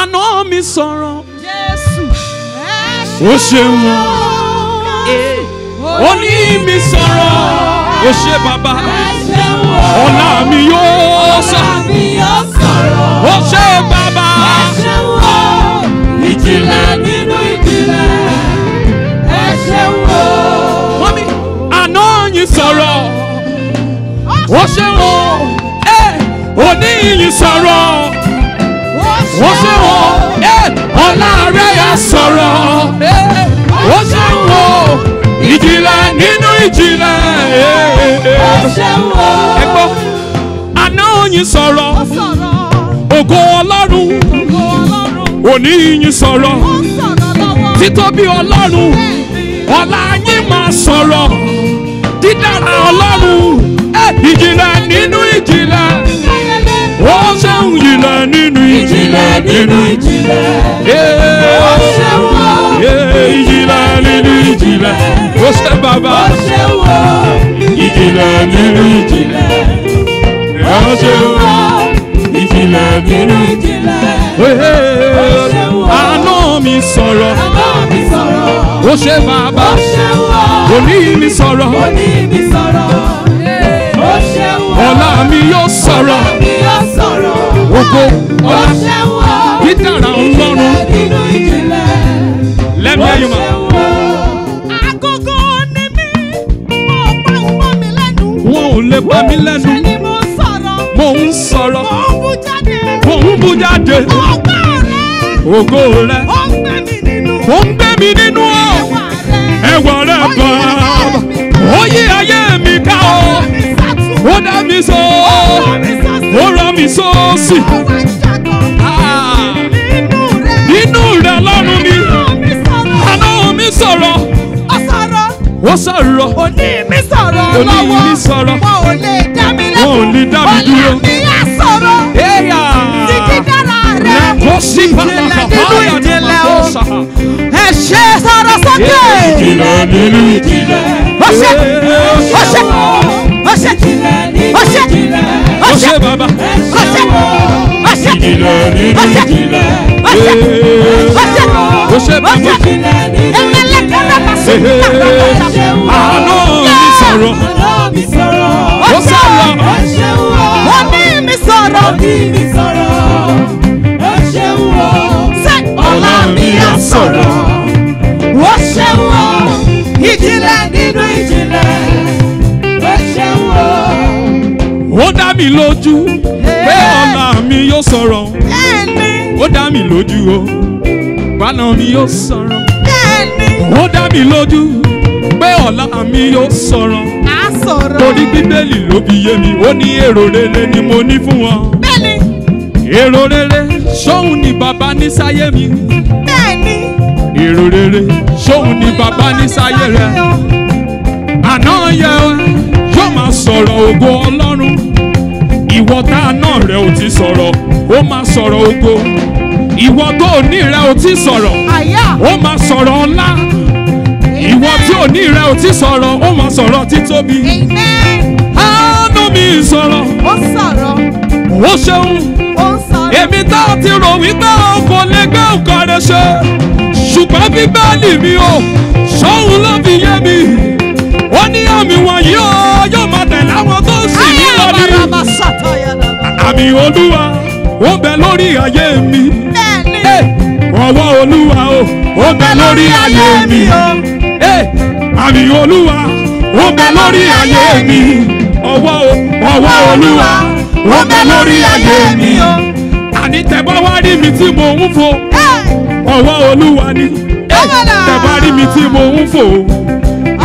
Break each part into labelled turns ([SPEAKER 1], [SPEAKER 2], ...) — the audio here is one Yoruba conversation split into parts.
[SPEAKER 1] àná mi sọ̀rọ̀. Jésù ó ṣeun ó ní mi sọ̀rọ̀ ó ṣe bàbá ọ̀la mi yóò sọ̀rọ̀ ó ṣe bàbá ìjìnlẹ̀ nínú ìjìnlẹ̀ ẹ ṣeun o. wọ́n mi àná yín sọ̀rọ̀ ó ṣeun o ẹ òní yín sọ̀rọ̀. láàárẹ̀ yà sọ̀rọ̀ ó ṣeun o ìjìnlẹ̀ nínú ìjìnlẹ̀ ó ṣeun o. ẹ gbọ́ àná oyin sọ̀rọ̀ ògo ọlọ́run òní yín sọ̀rọ̀ títóbi ọlọ́run ọ̀la yín máa sọ̀rọ̀ dídára ọlọ́run ìjìnlẹ̀. ìjìnlẹ̀ nínú ìjìnlẹ̀. ó ṣe wọ́n. ìjìnlẹ̀ nínú ìjìnlẹ̀. ó ṣe bàbá. ó ṣe wọ́n. ìjìnlẹ̀ nínú ìjìnlẹ̀. ó ṣe wọ́n. ìjìnlẹ̀ nínú ìjìnlẹ̀. ó ṣe wọ́n. àánú mi sọ̀rọ̀. àánú mi sọ̀rọ̀. ó ṣe bàbá. ó ṣe wọ́n. òní mi sọ̀rọ̀. òní mi sọ̀rọ̀. ó ṣe wọ́n. ọ̀la mi yóò sọ̀rọ̀. ọ̀la mi yóò sọ̀rọ̀ ògo dídára ọlọ́run lẹ́mí ayọ̀mọ̀. agogo ni mí mo pa ọgbọ́n mi lẹ́nu. wọn ò lè pa mí lẹ́nu. ṣe ni mo sọ̀rọ̀. mo ń sọ̀rọ̀. mo ń bú jáde. mo ń bú jáde. ọgbà rẹ. ògo rẹ. ó ń gbé mi nínú. ó ń gbé mi nínú o. ẹwà rẹ bá ó yí ayé mi ká o ó dá mi so ó rà mí so sì inú ah. rẹ̀ lọ́rùn mi àná mi sọ̀rọ̀ ó sọ̀rọ̀ òní mi sọ̀rọ̀ lọ́wọ́ wọn ò lè dá mi lẹ́kùn wọn ò lè dá mi dúró ọ̀la mi á sọ̀rọ̀ sí dídára rẹ̀ kò sí ìjìnlẹ̀ nínú ìjìnlẹ̀ o ẹ ṣe sọ̀rọ̀ sókè ìjìnlẹ̀ nínú ìjìnlẹ̀ ó ṣe ó ṣe ó ṣe ó ṣe ó ṣe bàbá ìjìnlẹ̀ nínú ìjìnlẹ̀. ó ṣe bí mo ti lẹ̀ nínú ìjìnlẹ̀. àánú mi sọ̀rọ̀. ó sọ̀rọ̀. ó ní mi sọ̀rọ̀. ó ṣeun o. ọlá mi á sọ̀rọ̀. ó ṣeun o. ìjìnlẹ̀ nínú ìjìnlẹ̀. ó ṣeun o. ó dá mi lójú pé ọ̀la mi yóò sọ̀rọ̀ ó dá mi lójú o gbaná mi yóò sọ̀rọ̀ ó dá mi lójú pé ọ̀la mi yóò sọ̀rọ̀ torí bíbélì ló fi yé mi ó ní èrò rere ni mo ní fún wọn èrò rere ṣóun ni bàbá ní sáyé mi èrò rere ṣóun ni bàbá ní sáyé rẹ àná yẹ yóò máa sọ̀rọ̀ ògo ọlọ́run ìwọ tá a náà rẹ ò ti sọ̀rọ̀ ó máa sọ̀rọ̀ ògo ìwọ tó ò ní rẹ ò ti sọ̀rọ̀ ó máa sọ̀rọ̀ ọlá ìwọ tí ò ní rẹ ò ti sọ̀rọ̀ ó máa sọ̀rọ̀ títóbi àánú mi sọ̀rọ̀ ó sọ̀rọ̀ ó ṣeun èmi tá a ti rò wípé o kò lè gbé nǹkan rẹ ṣe ṣùgbọ́n bíbélì mi o ṣóun ló fi yé mi ó ní àmì wọ̀nyí o. àmì olúwa ó lórí ayé mi. bẹ́ẹ̀ni. ọwọ́ olúwa o ó bẹ lórí ayé mi. àmì olúwa ó lórí ayé mi. ọwọ́ ọwọ́ olúwa ó bẹ lórí ayé mi. àní tẹ̀bá wá rí mi tí mo ń fò. ọwọ́ olúwa ni tẹ̀bá rí mi tí mo ń fò.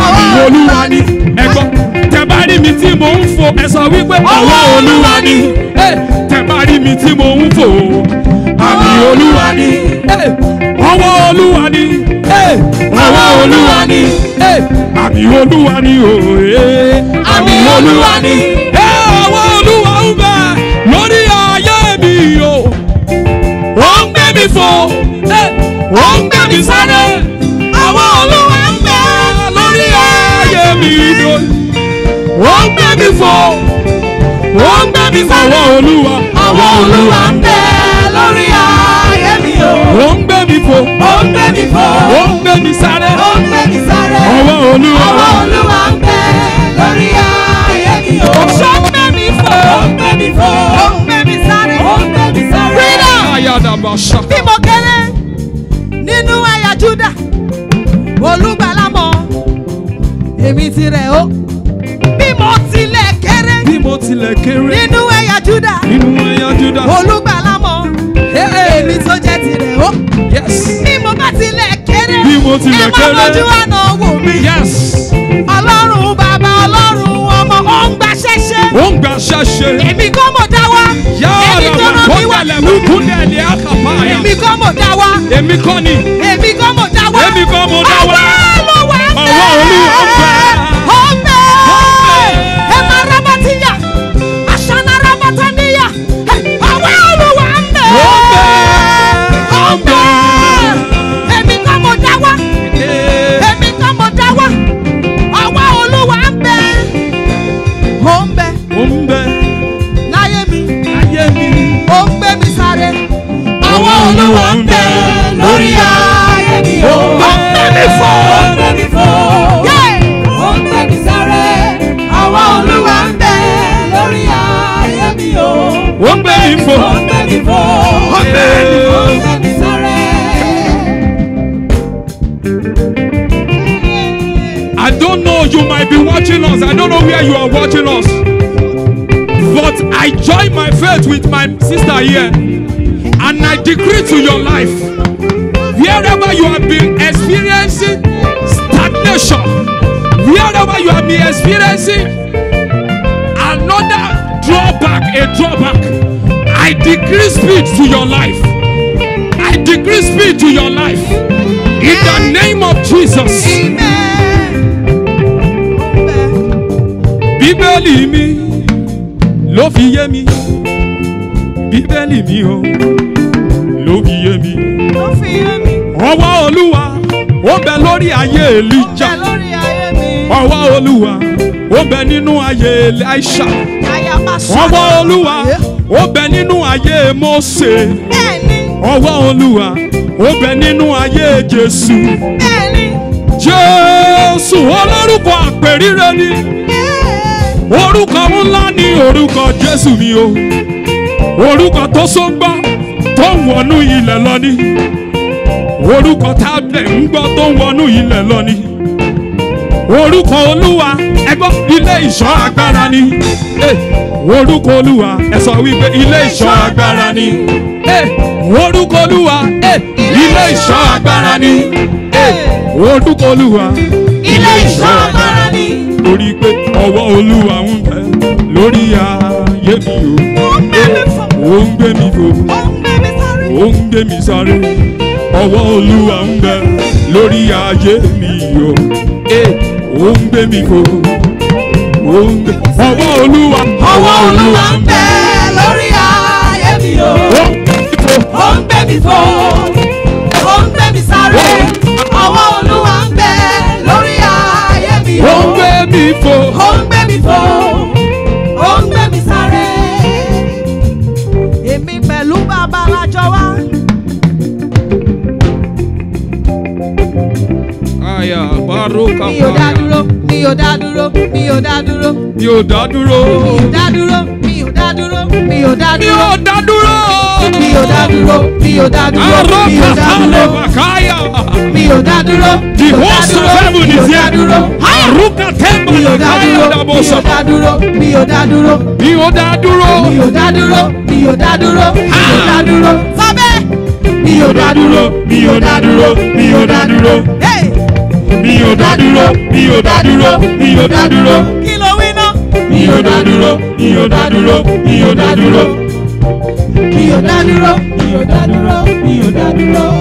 [SPEAKER 1] àmì olúwa ni ẹ̀gbọ́n tẹ bá rí mi tí mò ń fò ẹ sọ wípé ọwọ́ olúwa ni tẹ bá rí mi tí mò ń fò àmì olúwa ni ọwọ́ olúwa ni ọwọ́ olúwa ni àmì olúwa ni òye àmì olúwa ni ọwọ́ olúwa ń bẹ lórí ayé mi o ó ń gbé mi fò. ó ń gbé mi fò ó ń gbé mi fò ọwọ́ olúwa ọwọ́ olúwa ń bẹ lórí ayé mi o ó ń gbé mi fò ó ń gbé mi fò ó ń gbé mi sáré ó gbé mi sáré ọwọ́ olúwa ọwọ́ olúwa ń bẹ lórí ayé mi o ó gbé mi fò ó gbé mi fò ó gbé mi sáré ó gbé mi sáré freedom bí mo kéré nínú àyà Júdà olùgbàlámọ̀ èmi tirẹ̀ o kéré. nínú ẹ̀yà Júdà. nínú ẹ̀yà Júdà. olùgbàlà mọ̀ èmi tó jẹ́ tirẹ̀ o. bí mo bá tilẹ̀ kéré. bí mo tilẹ̀ kéré. ẹ máa lójú àná wò mí. ọlọ́run bàbá ọlọ́run ọmọ ó ń gba ṣẹ́ṣẹ́. ó ń gba ṣẹ́ṣẹ́. èmi kọ́ mọ̀ dá wá. yàrá wà kọ́ńtà lẹ́mú kúndẹ̀ẹ́lì àkàpá yà. èmi kọ́ mọ̀ dá wá. èmi kọ́ ni. don't know where you are watching us, but I join my faith with my sister here, and I decree to your life, wherever you have been experiencing stagnation, wherever you have been experiencing another drawback, a drawback, I decree speed to your life. I decree speed to your life. In the name of Jesus. Amen. bíbélì mi ló fi yé mi bíbélì mi o ló fi yé mi. ló fi yé mi. ọwọ́ olúwa ó bẹ lórí ayé Èlíjà ọwọ́ olúwa ó bẹ nínú ayé Èlíṣà ọwọ́ olúwa ó bẹ nínú ayé Mósè ọwọ́ olúwa ó bẹ nínú ayé Jésù Jésù olórúkọ àpèrire ni orúkọ ńlá ni orúkọ jésù ni o orúkọ tó sóńgbá tó ń wọnú ilẹ̀ lọ ni orúkọ tábẹ̀ ń gbọ́ tó ń wọnú ilẹ̀ lọ ni orúkọ olúwa ẹgbọ́ ilé ìṣọ́ agbára ni eh, orúkọ olúwa ẹ wípé ilé ìṣọ́ agbára ni eh, eh, orúkọ olúwa ilé ìṣọ́ agbára ni orúkọ olúwa ilé ìṣọ́ olúwa ń bẹ lórí ayé mi o ó ń gbé mi fò ó ń gbé mi sáré ọwọ́ olúwa ń bẹ lórí ayé mi o ó ń gbé mi fò ó ń gbé ọwọ́ olúwa ọwọ́ olúwa. kankan. mi ò dá dúró mi ò dá dúró mi ò dá dúró. mi ò dá dúró. mi ò dá dúró mi ò dá dúró mi ò dá dúró. mi ò dá dúró. mi ò dá dúró mi ò dá dúró. mi ò dá dúró. mi ò dá dúró. the host of heaven is here. aruka temba na kaya da bosa. mi ò dá dúró mi ò dá dúró. mi ò dá dúró. mi ò dá dúró mi ò dá dúró mi ò dá dúró. sọ bẹ́ẹ̀. mi ò dá dúró mi ò dá dúró mi ò dá dúró mi ò dá dúró mi ò dá dúró mi ò dá dúró. kí ló wí ná. mi ò dá dúró mi ò dá dúró mi ò dá dúró. mi ò dá dúró mi ò dá dúró mi ò dá dúró. ó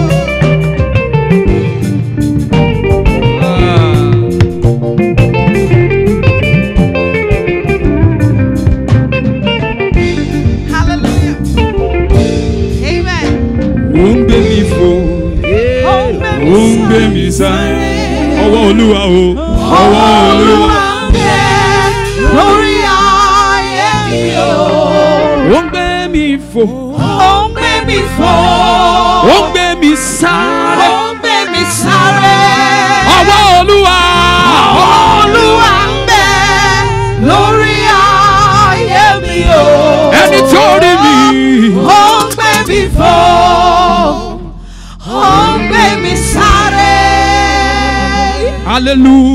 [SPEAKER 1] ń gbé ọwọ́ olúwa o. ọwọ́ olúwa ń bẹ lórí ayé mi o. ó ń gbé mi fò. ó ń gbé mi fò. ó ń gbé mi sáré. ó ń 的路。